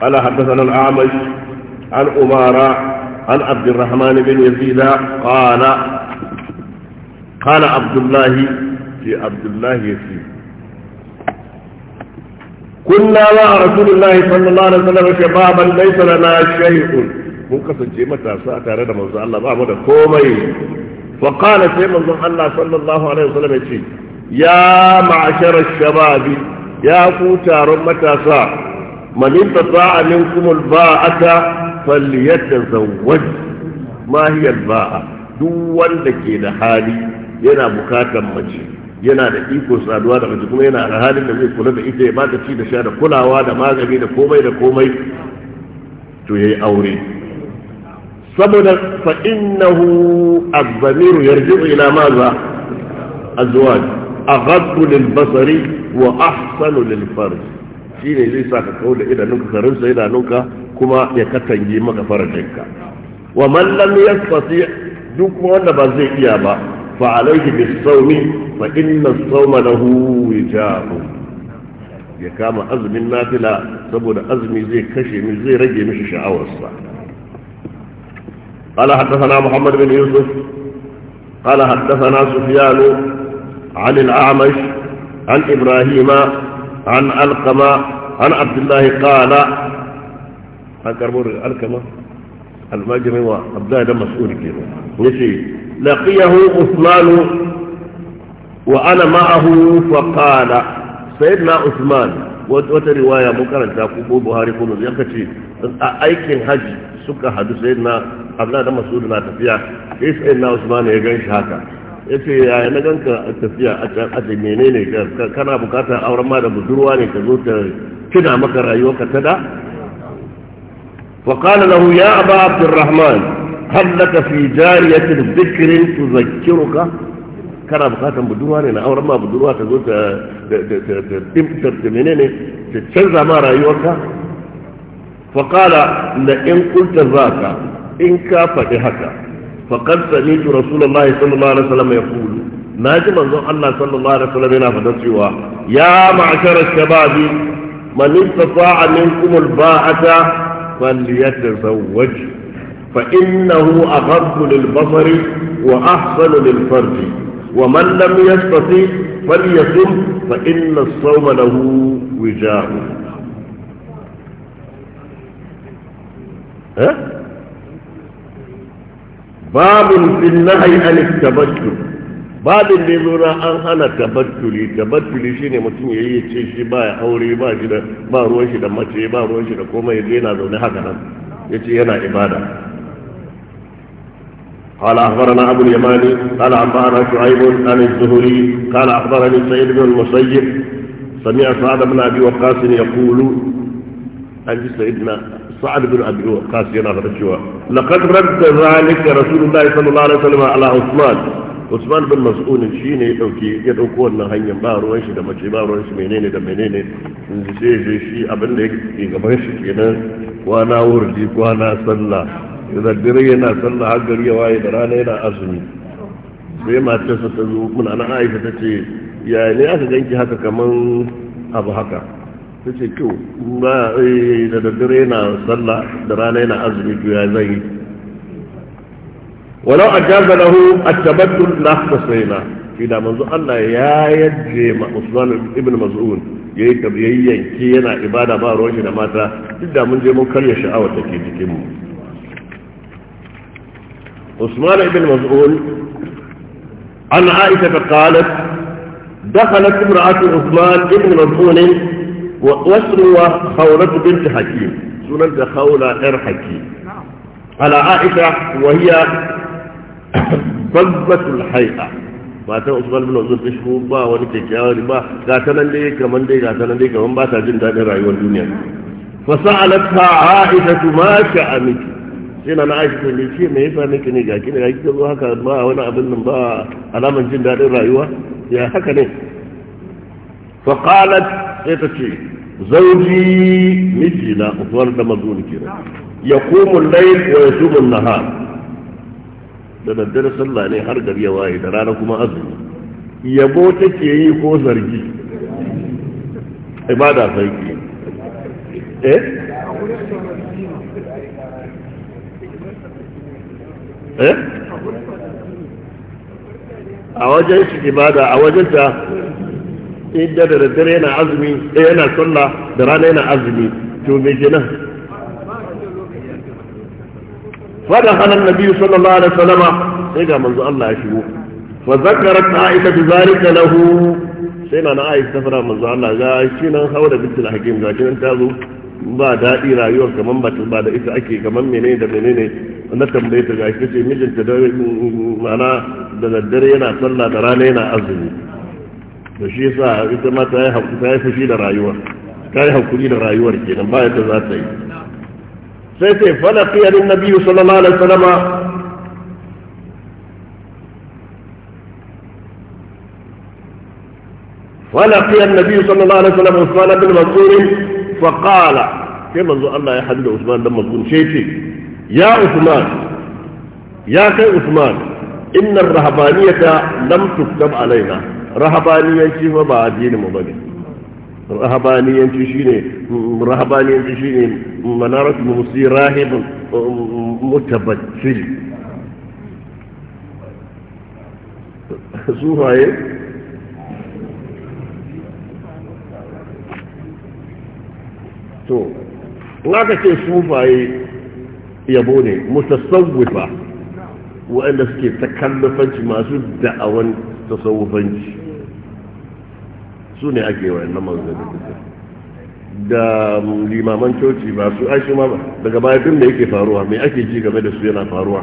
قال حدثنا الأعمش عن أمارة عن عبد الرحمن بن يزيد قال قال عبد الله في عبد الله يزيد كنا مع رسول الله صلى الله عليه وسلم شبابا ليس لنا شيء من قصد متى ساعتها رد من الله ما مدى كومي فقال سيد من الله صلى الله عليه وسلم يا معشر الشباب يا كوتار رمتا ساعة من انتطاع منكم الباءة فليتزوج ما هي الباءة دول لكي لحالي ينا بكاتا مجيء yana da iko saduwa da mace kuma yana a halin da zai kula da ita ya bata ci da sha da kulawa da magani da komai da komai to yayi aure saboda fa innahu az zamiru yarji'u ila ma za azwaj aghaddu lil-basari wa ahsanu lil-farj shine zai saka kawo da idanunka karin sai da idanunka kuma ya katange maka farajinka wa man lam yastati duk wanda ba zai iya ba فعليه بالصوم فإن الصوم له وجاه ya kama azumin nafila saboda azumi zai kashe زي رجي مش mishi sha'awarsa قال حدثنا محمد بن يوسف قال حدثنا سفيان عن الأعمش عن إبراهيم عن ألقما عن عبد الله قال عن كربور ألقمة المجمع عبد الله مسؤول كيما لقيه عثمان وأنا معه فقال سيدنا عثمان wata riwaya mun karanta ko Buhari ko ya kace aikin haji suka hadu sayyidina Abdullah da Mas'ud na tafiya sai sayyidina Usman ya ganshi haka yace yaya na ganka tafiya a can aje menene kana bukatar auren mada budurwa ne ka zo ta kina maka rayuwa ta da fa qala lahu ya aba abdurrahman هل لك في جارية ذكر تذكرك كرا بقاتا بدرواني انا اورا ما بدرواتا قلت تتم ما رأيوك فقال لئن قلت ذاك ان كافة هكا فقد سميت رسول الله صلى الله عليه وسلم يقول ناجم الله الله صلى الله عليه وسلم هنا فدسوا يا معشر الشباب من استطاع منكم الباعة فليتزوج فإنه أغض للبصر وأحسن للفرج ومن لم يستطع فليصم فإن الصوم له وجاء أه؟ باب في النهي عن التبتل babin da zo an hana tabattuli tabattuli shine mutum ya yi ce shi ba ya aure ba shi da ba ruwan shi da mace ba ruwan shi da komai ya yana zaune haka nan ya ce yana ibada قال اخبرنا ابو اليماني قال اخبرنا شعيب عن الزهري قال اخبرني سعيد بن المسيب سمعت سعد بن ابي وقاص يقول عن سيدنا سعد بن ابي وقاص ينظر لقد رد ذلك رسول الله صلى الله عليه وسلم على عثمان عثمان بن مسؤول شيني اوكي يدعو كون هاي مبارو ايش دم شي مبارو ايش منين دم منين شي شي ابن ليك يغبش كده وانا اوردي وانا صلى da dare yana sallah har gari ya waye da rana yana azumi sai matarsa ta zo muna na aisha ta ce ya ne aka ganki haka kaman abu haka ta ce kyau ba eh, da daddare yana sallah da rana yana azumi to ya zan yi walau ajaza lahu at-tabattul na fasaina shi da manzo Allah ya yaje ma Usman ibn Mas'ud yayi tabiyayyan yana ibada ba ruwan shi da mata duk da mun je mun karya sha'awa take cikin mu عثمان بن مسعود عن عائشة قالت دخلت امرأة عثمان بن مسعود واسروا خولة بنت حكيم سننت خولة ار حكيم على عائشة وهي فضة الحيئة ما تن عثمان بن مزعول تشكوبا ونتكاوري ما قاتلا لي كمان دي قاتلا لي كمان باتا جندا دي رأي والدنيا فسألتها عائشة ما شأنك shi na na'ashi ta ne shi mai yasa nake ne ga kina ya kike zo haka ba wani abin nan ba alaman jin daɗin rayuwa ya haka ne fa qalat sai ta ce zauji mijina uwar da mazuni kenan yaqumu al-layl wa yasumu an-nahar da daddare sallah ne har gari ya waye da rana kuma azumi yabo take yi ko zargi ibada sai
eh eh a wajen shi
ibada a wajen ta idda da daddare yana azumi eh yana sallah da rana yana azumi to me kenan
hannun halan nabi sallallahu alaihi wasallama sai
ga manzo Allah ya shigo fa zakarat aisha bi zalika lahu sai na na aisha ta fara manzo Allah ga kinan da bintul hakim ga kinan ta zo ba daɗi rayuwar kaman ba da ita ake kaman menene da menene na tambaye ta gashi ce mijinta da mana da daddare yana sallah da rana yana azumi da shi yasa ita ma ta yi hakuri ta yi fushi da rayuwa ta yi hakuri da rayuwar kenan ba yadda za ta yi sai sai falaqiya lin nabiyyu sallallahu alaihi wasallama ولقي النبي صلى الله عليه وسلم عثمان بن مسعود فقال كما الله يحدد عثمان بن مسعود شيء ya usman ya kai usman innar rahabaniyata lam tuktab alaina rahabaniyanci fa ba addinin mu bane rahabaniyanci shine rahabaniyanci shine manaratu musi rahib mutabattil sufaye to in aka ce sufaye yabo ne mutasawwifa waɗanda suke takallufanci masu da'awan tasawufanci su ne ake wayannan manzannin da limaman coci ba su aishi ma ba daga baya din da yake faruwa mai ake ji game da su yana faruwa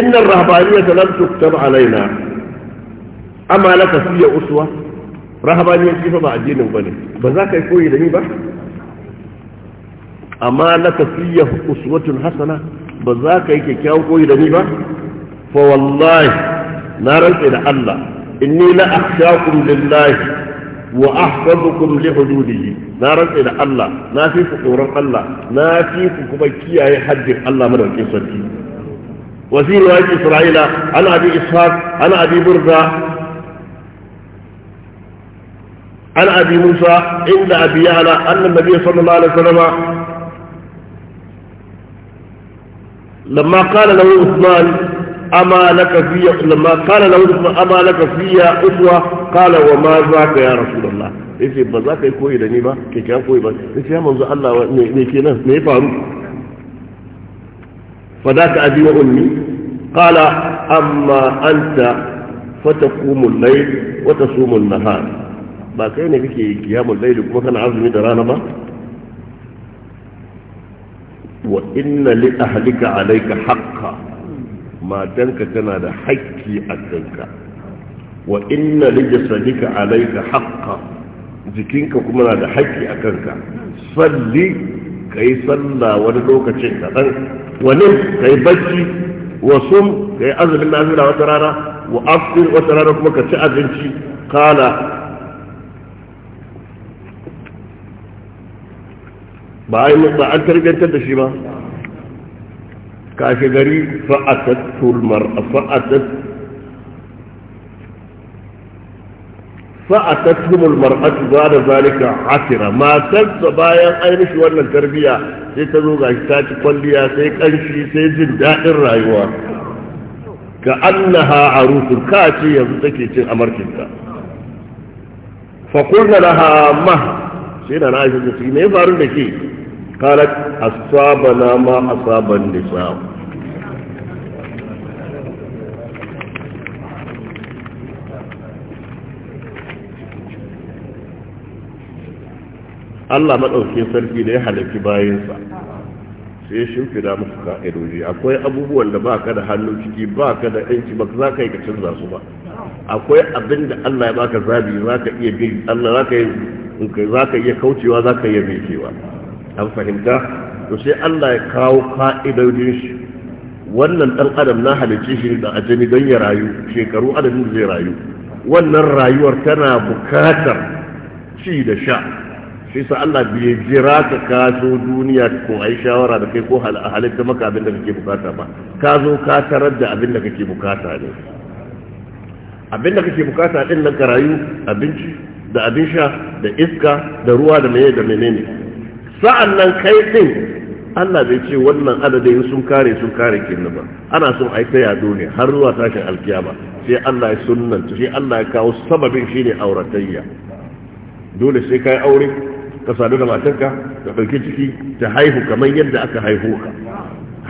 innan rahabaniya ta lam tuktab alaina amma laka fiye uswa rahabaniya kifa ba addinin bane ba za ka yi koyi da ni ba amma laka fiya uswatun hasana ba za ka yi kyakkyawan koyi da ni ba fa wallahi na rantse da Allah inni la akhshakum lillahi wa ahfazukum li hududihi na rantse da Allah na fi ku tsoron Allah na fi ku kuma kiyaye haddin Allah madaukakin sarki وفي رواية إسرائيل عن أبي إسحاق عن أبي بردة عن أبي موسى عند أبي يعلى أن النبي صلى الله عليه وسلم لما قال له عثمان أما لك في لما قال له عثمان أما لك في أسوة قال وما ذاك يا رسول الله ba za ka yi koyi da ni ba ke koyi ba yace ya manzo Allah me kenan me ya faru fadaka abi wa ummi qala amma anta fataqumu al-layl wa tasumu an-nahar ba kai ne kake kiyamul layl kuma kana azumi da rana ba wa inna li ahlika alayka haqqa matanka tana da haƙƙi a kanka wa inna li jasadika alayka haqqa jikinka kuma na da haƙƙi a kanka salli kai sallah wani lokacin kaɗan wani kai bacci wa sum kai azumin nazira wata rana wa afsir wata rana kuma ka ci abinci kala ba an tarbiyyantar da shi ba kashe gari fa'atat tulmar fa'atat fa'atat humul mar'atu ba da zalika hasira matarsa bayan ainihi wannan tarbiyya sai ta zo gashi ta ci kwalliya sai kanshi sai jin daɗin rayuwa ka annaha arusul ka ce yanzu take cin amarkinta fa kullu laha ma sai na na aisha ta ce me faru da ke قالت أصابنا ما أصاب النساء Allah maɗaukin sarki da ya halaki bayansa sai ya shimfida musu ka'idoji akwai abubuwan da ba ka da hannu ciki ba ka da yanci ba za ka yi ka canza su ba akwai abin da Allah ya baka zabi za ka iya bi Allah za ka iya kaucewa za ka iya mekewa an fahimta to sai Allah ya kawo ka'idodin shi wannan dan adam na halicci shi da ajani don ya rayu shekaru adadin da zai rayu
wannan rayuwar tana bukatar ci da sha shi sa Allah bai jira ka kaso duniya ko ai shawara da kai ko halitta maka abin da kake
bukata ba ka zo ka tarar da abin da kake bukata ne abin da kake bukata din nan ka rayu abinci da abin sha da iska da ruwa da meye da menene sa'an nan kai ɗin Allah bai ce wannan adadin sun kare sun kare kenan ba ana son aika ta yado ne har zuwa tashin alkiyama sai Allah ya sunnanta shi Allah ya kawo sababin shi ne auratayya dole sai kai aure ka sadu da matanka, ka ɗauki ciki ta haihu kamar yadda aka haihu ka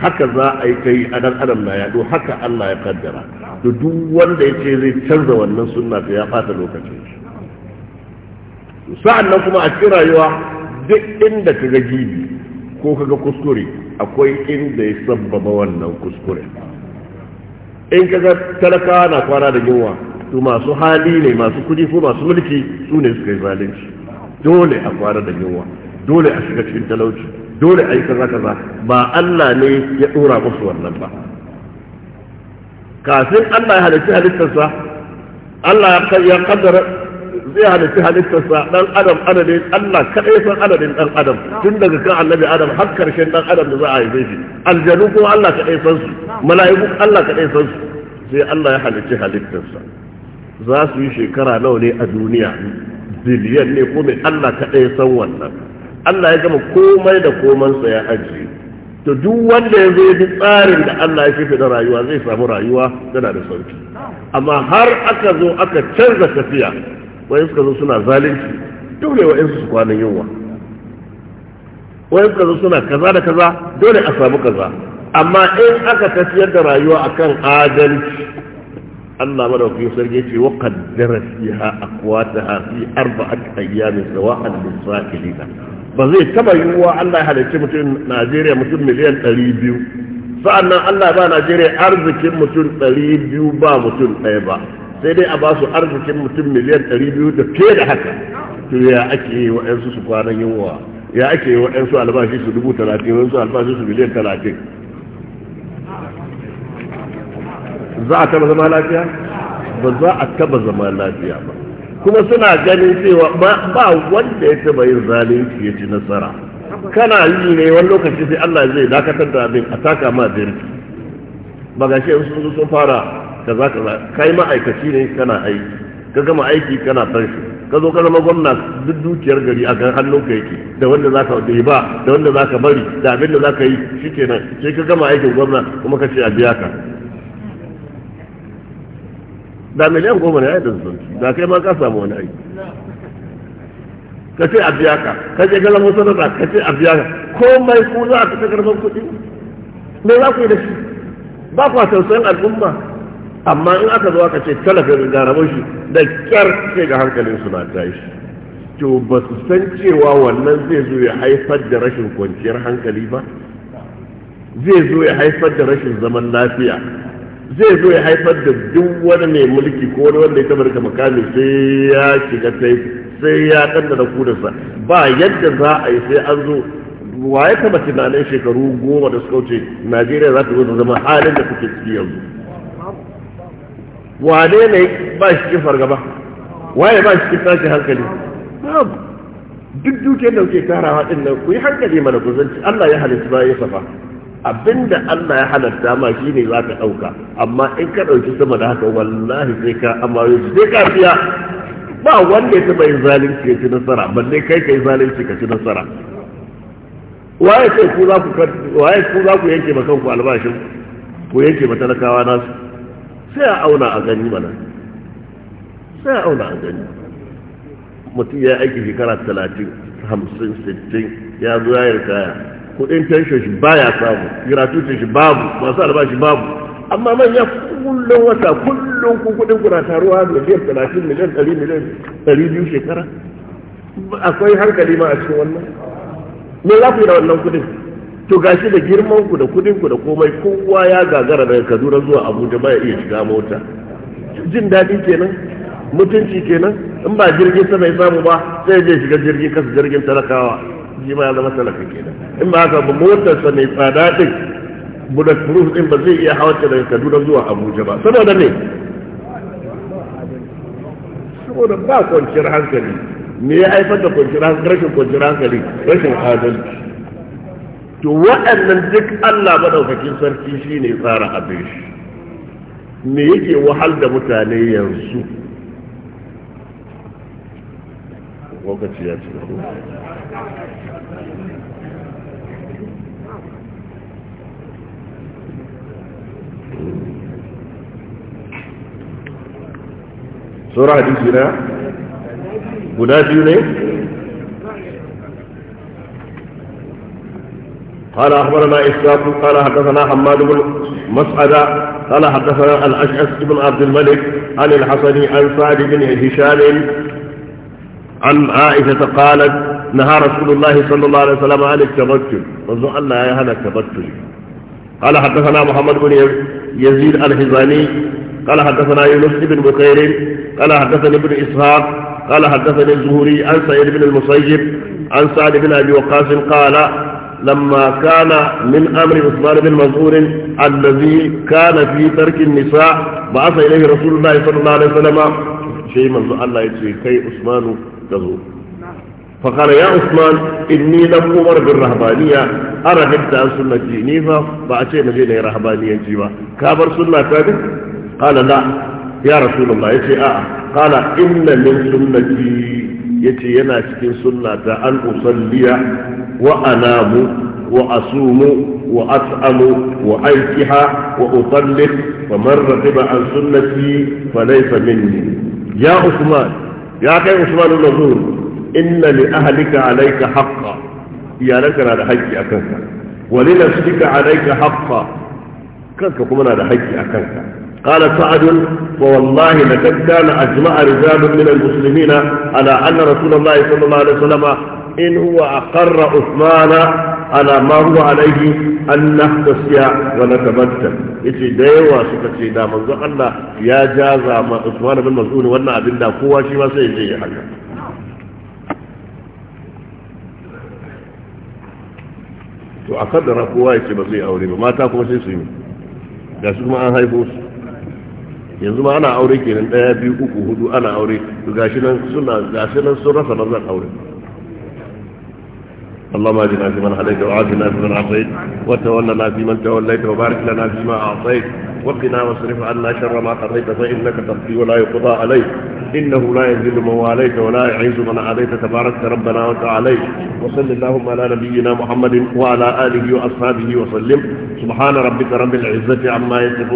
haka za a yi kai adan adam na yaɗo haka Allah ya kaddara to duk wanda ya ce zai canza wannan sunna to ya fata lokacin sa'an nan kuma a cikin rayuwa duk inda kaga jibi ko kaga kuskure akwai inda ya sabbaba wannan kuskure in kaga talakawa na kwana da yunwa to masu hali ne masu kudi ko masu mulki su ne suka yi zalunci dole a kwana da yunwa dole a shiga cikin talauci dole a yi kaza kaza ba Allah ne ya dora musu wannan ba kafin Allah ya halitta halittarsa Allah ya kaddara zai halitta halittarsa dan adam adadin Allah kadai san adadin dan adam tun daga kan annabi adam har karshen dan adam da za a haife shi aljanu kuma Allah kadai san su mala'iku Allah kadai san su sai Allah ya halitta halittarsa za su yi shekara nawa ne a duniya biliyan ne ko mai Allah kadai san wannan Allah ya gama komai da komansa ya aji. to duk wanda ya zo bi tsarin da Allah ya fi da rayuwa zai samu rayuwa tana da sauki amma har aka zo aka canza tafiya wayan suka zo suna zalunci dole wa su kwanan yunwa wayan suka zo suna kaza da kaza dole a samu kaza amma in aka tafiyar da rayuwa akan adalci Allah ku sarki ce wa qaddara fiha aqwataha fi arba'ati ayyamin sawa'an lis-sa'ilina ba zai taba yiwuwa Allah ya halicci mutum Najeriya mutum miliyan 200 nan Allah ba Najeriya arzikin mutum 200 ba mutum ɗaya ba sai dai a ba su arzikin mutum miliyan 200 da fiye da haka to ya ake yi wa su su kwanan yunwa ya ake yi wa su albashi su dubu talatin su albashi su miliyan talatin za a taba zama lafiya ba za a taba zama lafiya ba kuma suna ganin cewa ba wanda ya taba yin zalunci ya ci nasara kana yi ne wani lokaci sai Allah zai dakatar da abin a taka ma zirki ba ga shi sun fara kaza kaza kai ma'aikaci ne kana aiki ka gama aiki kana san shi ka zo ka zama gwamna duk dukiyar gari a kan hannun ka yake da wanda za ka yi ba da wanda za ka bari da abin da za ka yi shi nan sai ka gama aikin gwamna kuma ka ce a biya ka da miliyan goma ne ya yi da zuwanci da kai ma ka samu wani aiki ka ce a biya ka ka ce galan wasu nasa ka ce a biya ka komai ku za a fita karfan kuɗi me za ku yi da shi ba ku a tausayin al'umma amma in aka zo aka ce talafin ga rabon shi da kyar sai ga hankalin su na tashi to ba su san cewa wannan zai zo ya haifar da rashin kwanciyar hankali ba zai zo ya haifar da rashin zaman lafiya zai zo ya haifar da duk wani mai mulki ko wani wanda ya tabar da makami sai ya shiga sai ya kaddara kudansa ba yadda za a yi sai an zo wa ya taba tunanin shekaru goma da suka wuce najeriya za ta zo ta zama halin da kuke ciki yanzu wane ne ba shi cikin fargaba waye ba shi cikin tashin hankali duk dukiyar da kuke karawa din nan ku yi hankali mana ku zanci Allah ya halitta ba ya safa abinda Allah ya halatta ma ne za ka ɗauka amma in ka ɗauki sama da haka wallahi sai ka amayo sai ka fiya ba wanda ya taɓa yin zalunci ya ci nasara balle kai kai zalunci ka ci nasara waye ku za ku waye ku za ku yanke ma kanku albashin ku yanke ma talakawa nasu sai a auna a gani mana sai a auna a gani mutum ya aiki shekara talatin hamsin sittin ya zo ya kaya. kudin tension shi baya samu gratuity shi babu masu albashi babu amma man ya kullum wata kullum ku kudin kuna taruwa miliyan talatin miliyan ɗari miliyan ɗari biyu shekara akwai hankali ma a cikin wannan me za ku yi da wannan kudin to gashi da girman ku da kudin ku da komai kowa ya gagara daga Kaduna zuwa Abuja ba ya iya shiga mota jin daɗi kenan mutunci kenan in ba jirgin sama ya samu ba sai je shiga jirgin kasa jirgin talakawa shi ma ya zama talaka kenan in ba haka ba motarsa mai tsada din proof din ba zai iya hawa daga Kaduna zuwa Abuja ba saboda me saboda ba kwanciyar hankali me ya haifar da kwanciyar hankali rashin kwanciyar hankali rashin adalci to waɗannan duk Allah madaukakin sarki shi ne tsara abin shi me yake wahal da mutane yanzu lokaci ya ce sura hadisi na guda biyu ne قال أخبرنا اسلام قال حدثنا حماد بن مسعدة قال حدثنا الأشعث بن عبد الملك عن الحسن عن سعد بن هشام عن عائشة قالت نهى رسول الله صلى الله عليه وسلم عن التبتل وزو الله يا هذا التبتل قال حدثنا محمد بن يزيد الحزاني قال حدثنا يونس بن بخير قال حدثني ابن إسحاق قال حدثني الزهري عن سعيد بن المسيب عن سعد بن أبي وقاص قال لما كان من أمر عثمان بن مسعود الذي كان في ترك النساء بعث إليه رسول الله صلى الله عليه وسلم شيء من الله يتسوي كي عثمان تزور فقال يا عثمان إني لم أمر بالرهبانية أرى حتى عن سنة نيفا فأتي مدينة رهبانية جيبا كابر سنة كابر قال لا يا رسول الله يتسوي آه قال إن من سنتي yace yana cikin sunnata an usalliya wa anamu wa asumu wa as'amu wa aikiha wa utallik wa man raqiba an sunnati fa laysa minni ya usman ya kai usman al-mazur inna li ahlika alayka haqqan iyalanka na da haƙƙi akan ka wa li nafsika alayka haqqan kanka kuma na da haƙƙi akan ka قال سعد فوالله لقد كان أجمع رجال من المسلمين على أن رسول الله صلى الله عليه وسلم إن هو أقر عثمان على ما هو عليه أن نختصي ونتبتل إذا ديوة سكتي دا منزق يا جازا ما عثمان بن مسعود وانا أبن دا قوة شما سيجي حاجة
to a kaddara kowa ya
ce ما zai aure ba mata kuma sai su ما da su yanzu ma ana aure kenan daya biyu uku hudu ana aure to gashi nan suna gashi nan sun rasa nan zan aure اللهم اهدنا فيمن هديت وعافنا فيمن عافيت وتولنا فيمن توليت وبارك لنا فيما اعطيت وقنا واصرف عنا شر ما قضيت فانك تقضي ولا يقضى عليك انه لا يذل من واليت ولا يعز من عاديت تبارك ربنا وتعالى
وصل
اللهم على نبينا محمد وعلى اله واصحابه وسلم سبحان ربك رب العزه عما يصفون